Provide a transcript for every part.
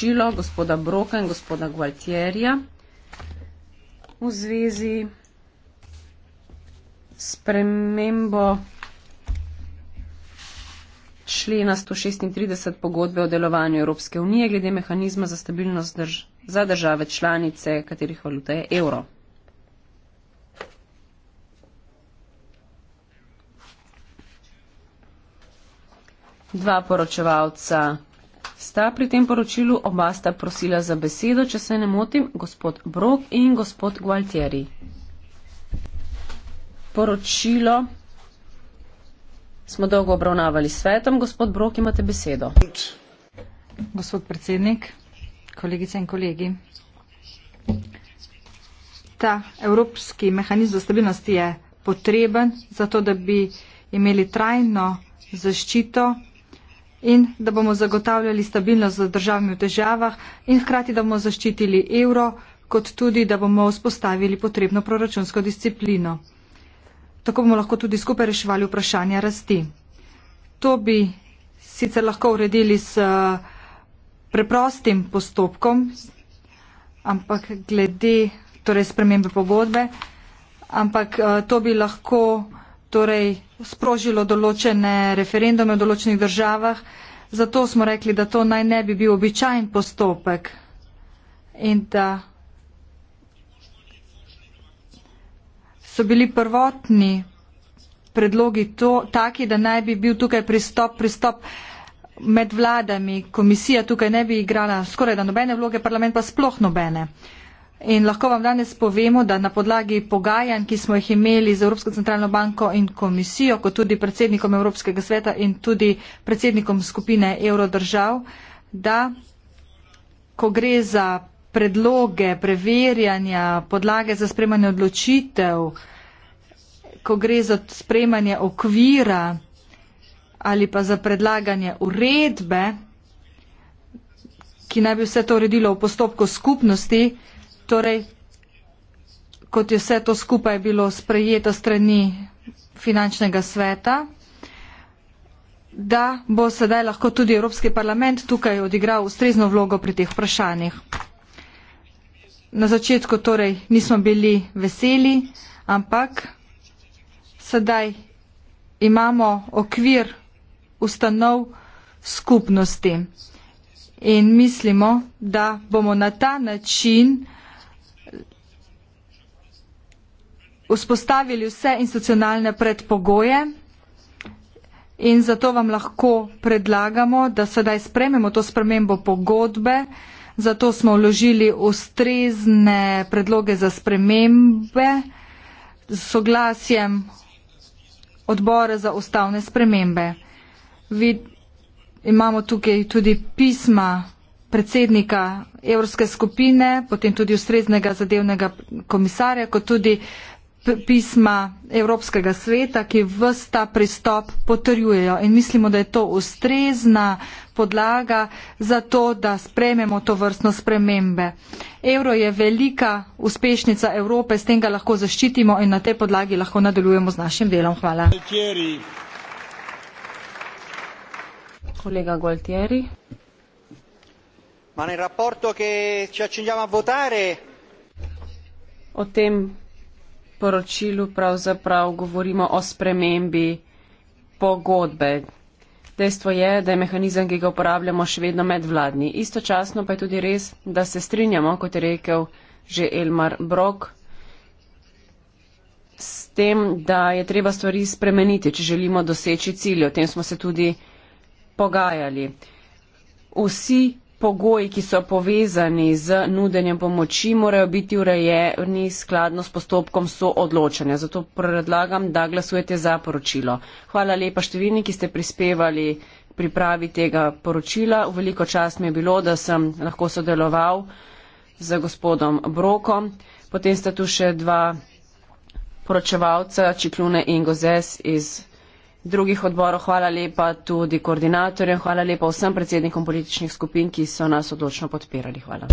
poročilo gospoda Broka in gospoda Gualtierja v zvezi s premembo člena 136 pogodbe o delovanju Evropske unije glede mehanizma za stabilnost drž za države članice, katerih valuta je evro. Dva poročevalca sta pri tem poročilu oba sta prosila za besedo, če se ne motim, gospod Brok in gospod Gualtieri. Poročilo smo dolgo obravnavali svetom. Gospod Brok, imate besedo. Gospod predsednik, kolegice in kolegi. Ta evropski mehanizem za stabilnosti je potreben zato, da bi imeli trajno zaščito in da bomo zagotavljali stabilnost za državami v težavah in hkrati, da bomo zaščitili evro, kot tudi, da bomo vzpostavili potrebno proračunsko disciplino. Tako bomo lahko tudi skupaj reševali vprašanja rasti. To bi sicer lahko uredili s preprostim postopkom, ampak glede torej spremembe pogodbe, ampak to bi lahko torej sprožilo določene referendume v določenih državah, zato smo rekli, da to naj ne bi bil običajen postopek in da so bili prvotni predlogi to, taki, da naj bi bil tukaj pristop, pristop med vladami, komisija tukaj ne bi igrala skoraj da nobene vloge, parlament pa sploh nobene. Uh, In lahko vam danes povemo, da na podlagi pogajanj, ki smo jih imeli z Evropsko centralno banko in komisijo, kot tudi predsednikom Evropskega sveta in tudi predsednikom skupine evrodržav, da ko gre za predloge, preverjanja, podlage za spremanje odločitev, ko gre za spremanje okvira ali pa za predlaganje uredbe, ki naj bi vse to uredilo v postopku skupnosti, Torej, kot je vse to skupaj bilo sprejeto strani finančnega sveta, da bo sedaj lahko tudi Evropski parlament tukaj odigral ustrezno vlogo pri teh vprašanjih. Na začetku torej nismo bili veseli, ampak sedaj imamo okvir ustanov skupnosti in mislimo, da bomo na ta način vzpostavili vse institucionalne predpogoje in zato vam lahko predlagamo, da sedaj sprememo to spremembo pogodbe, zato smo vložili ustrezne predloge za spremembe z soglasjem odbora za ustavne spremembe. Vi imamo tukaj tudi pisma predsednika Evropske skupine, potem tudi ustreznega zadevnega komisarja, kot tudi pisma Evropskega sveta, ki vsta pristop potrjujejo. In mislimo, da je to ustrezna podlaga za to, da sprememo to vrstno spremembe. Evro je velika uspešnica Evrope, s tem ga lahko zaščitimo in na tej podlagi lahko nadaljujemo z našim delom. Hvala. Gualtieri. Kolega Gualtieri. Ma nel rapporto che ci accingiamo a votare. O tem poročilu pravzaprav govorimo o spremembi pogodbe. Dejstvo je, da je mehanizem, ki ga uporabljamo, še vedno medvladni. Istočasno pa je tudi res, da se strinjamo, kot je rekel že Elmar Brok, s tem, da je treba stvari spremeniti, če želimo doseči cilje. O tem smo se tudi pogajali. Vsi pogoji, ki so povezani z nudenjem pomoči, morajo biti urejeni skladno s postopkom soodločanja. Zato predlagam, da glasujete za poročilo. Hvala lepa številni, ki ste prispevali pripravi tega poročila. Veliko čast mi je bilo, da sem lahko sodeloval z gospodom Brokom. Potem sta tu še dva poročevalca, Čiklune in Gozes iz drugih odborov. Hvala lepa tudi koordinatorjem, hvala lepa vsem predsednikom političnih skupin, ki so nas odločno podpirali. Hvala.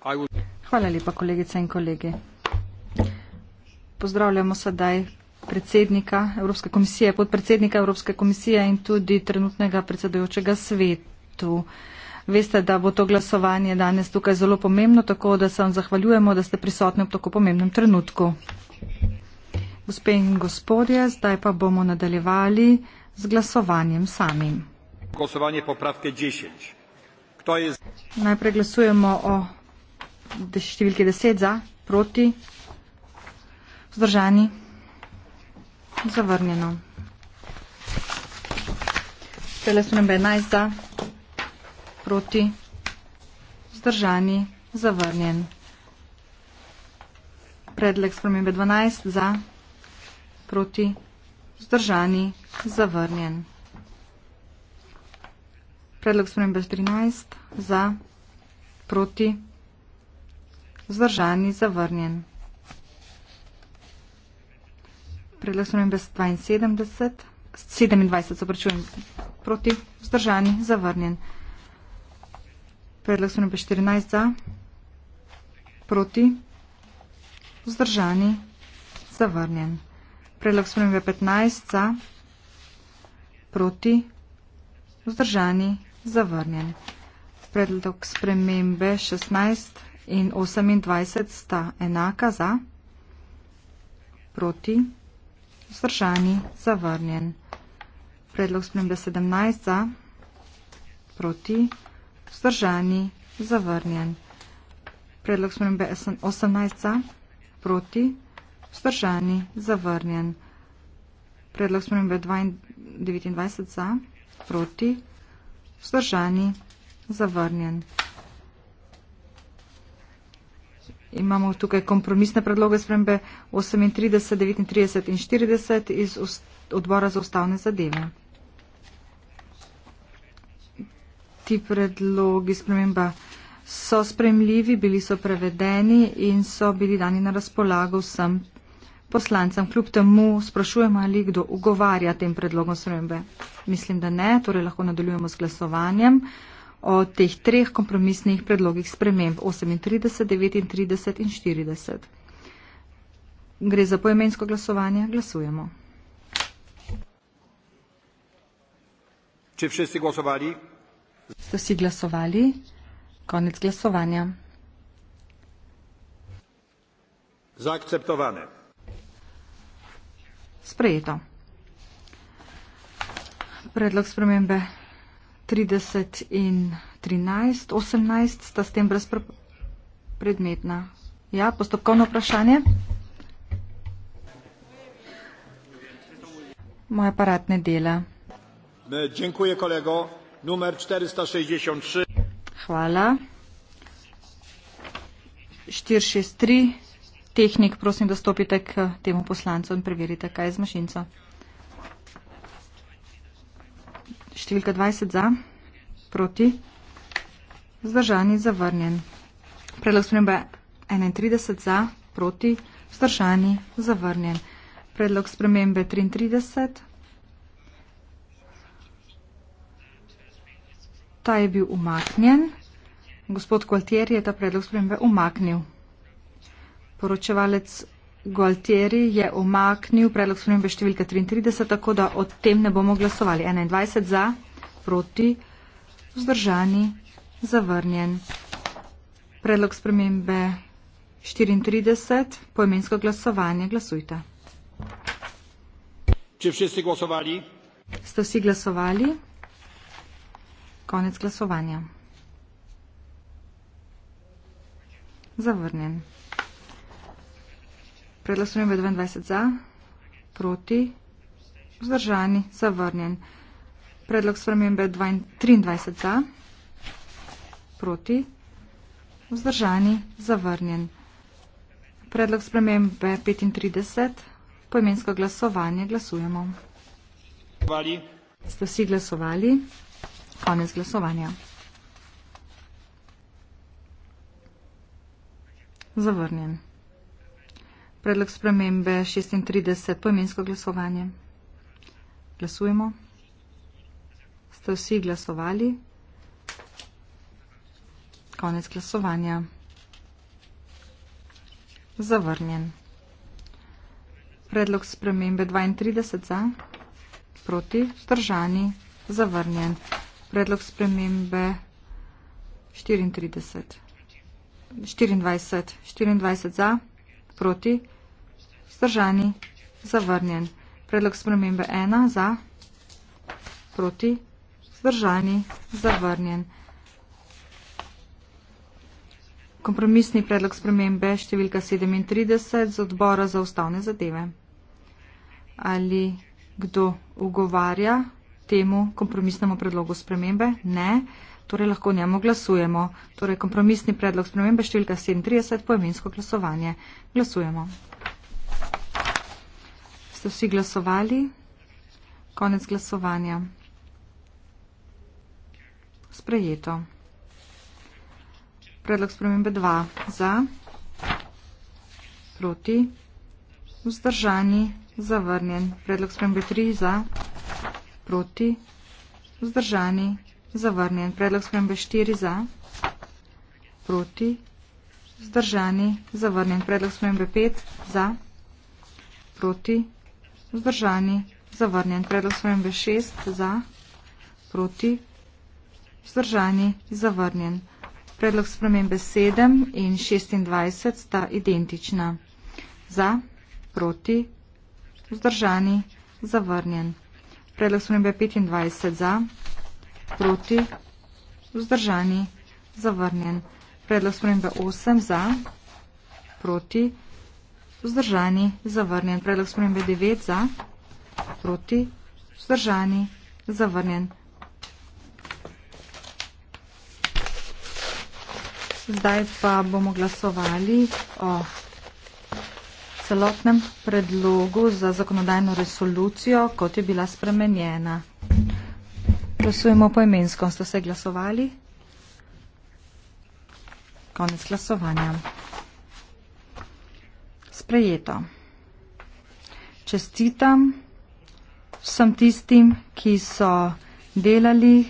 E, hvala lepa, kolegice in kolegi. Pozdravljamo sedaj predsednika Evropske komisije, podpredsednika Evropske komisije in tudi trenutnega predsedujočega svetu. Veste, da bo to glasovanje danes tukaj zelo pomembno, tako da se vam zahvaljujemo, da ste prisotni ob tako pomembnem trenutku. Gospe in gospodje, zdaj pa bomo nadaljevali z glasovanjem samim. Glasovanje popravke 10. Kdo je za? Najprej glasujemo o številki 10 za, proti, vzdržani, zavrnjeno. Telesunem 11 za proti, vzdržani, zavrnjen. Predlog spremembe 12 za, proti, vzdržani, zavrnjen. Predlog spremembe 13 za, proti, vzdržani, zavrnjen. Predlog spremembe 72, 27, se opravičujem, proti, vzdržani, zavrnjen predlog so nebe 14 za, proti, vzdržani, zavrnjen. Predlog so nebe 15 za, proti, vzdržani, zavrnjen. Predlog spremembe 16 in 28 sta enaka za, proti, vzdržani, zavrnjen. Predlog spremembe 17 za, proti, vzdržani, zavrnjen vzdržani, zavrnjen. Predlog smrembe 18 za, proti, vzdržani, zavrnjen. Predlog smrembe 29 za, proti, vzdržani, zavrnjen. Imamo tukaj kompromisne predloge smrembe 38, 39 in 40 iz odbora za ustavne zadeve. ti predlogi sprememba so spremljivi, bili so prevedeni in so bili dani na razpolago vsem poslancem. Kljub temu sprašujemo, ali kdo ugovarja tem predlogom spremembe. Mislim, da ne, torej lahko nadaljujemo s glasovanjem o teh treh kompromisnih predlogih sprememb 38, 39 in 40. Gre za poimensko glasovanje, glasujemo. Če vsi glasovali? ste si glasovali. Konec glasovanja. Zaakceptovane. Sprejeto. Predlog spremembe 30 in 13, 18 sta s tem brezpredmetna. Ja, postopkovno vprašanje. Moj aparat ne dela. Ne, dziękuję kolego numer 463. Hvala. 463, tehnik, prosim, da stopite k temu poslancu in preverite, kaj je z mašinco. Številka 20 za, proti, zdržani, zavrnjen. Predlog spremembe 31 za, proti, zdržani, zavrnjen. Predlog spremembe 33, Ta je bil umaknjen. Gospod Gualtieri je ta predlog spremembe umaknil. Poročevalec Gualtieri je umaknil predlog spremembe številka 33, tako da o tem ne bomo glasovali. 21 za, proti, vzdržani, zavrnjen. Predlog spremembe 34, poimensko glasovanje, glasujte. Če vsi ste glasovali? Ste vsi glasovali? Konec glasovanja. Zavrnjen. Predlasujem je 22 za, proti, vzdržani, zavrnjen. Predlog spremem je 23 za, proti, vzdržani, zavrnjen. Predlog spremem je 35, poimensko glasovanje, glasujemo. Ste vsi glasovali? Konec glasovanja. Zavrnjen. Predlog spremembe 36. Pojmensko glasovanje. Glasujemo. Ste vsi glasovali? Konec glasovanja. Zavrnjen. Predlog spremembe 32 za, proti, vzdržani, zavrnjen predlog spremembe 34. 24. 24 za, proti, vzdržani, zavrnjen. Predlog spremembe 1 za, proti, vzdržani, zavrnjen. Kompromisni predlog spremembe številka 37 z odbora za ustavne zadeve. Ali kdo ugovarja? temu kompromisnemu predlogu spremembe? Ne. Torej lahko njemu glasujemo. Torej kompromisni predlog spremembe številka 37 poemensko glasovanje. Glasujemo. Ste vsi glasovali? Konec glasovanja. Sprejeto. Predlog spremembe 2. Za. Proti. Vzdržani. Zavrnjen. Predlog spremembe 3. Za proti, vzdržani, zavrnjen. Predlog spremembe 4 za, proti, vzdržani, zavrnjen. Predlog spremembe 5 za, proti, vzdržani, zavrnjen. Predlog spremembe 6 za, proti, vzdržani, zavrnjen. Predlog spremembe 7 in 26 sta identična. Za, proti, vzdržani, zavrnjen. Predlog smembe 25 za, proti, vzdržani, zavrnjen. Predlog smembe 8 za, proti, vzdržani, zavrnjen. Predlog smembe 9 za, proti, vzdržani, zavrnjen. Zdaj pa bomo glasovali o vzdržani celotnem predlogu za zakonodajno resolucijo, kot je bila spremenjena. Glasujemo po imensko. Ste se glasovali? Konec glasovanja. Sprejeto. Čestitam vsem tistim, ki so delali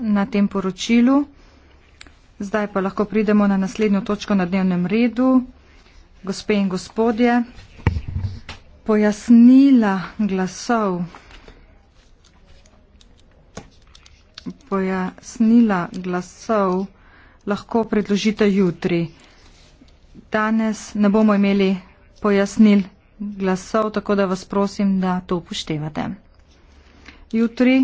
na tem poročilu. Zdaj pa lahko pridemo na naslednjo točko na dnevnem redu. Gospe in gospodje, pojasnila glasov, pojasnila glasov lahko predložite jutri. Danes ne bomo imeli pojasnil glasov, tako da vas prosim, da to upoštevate. Jutri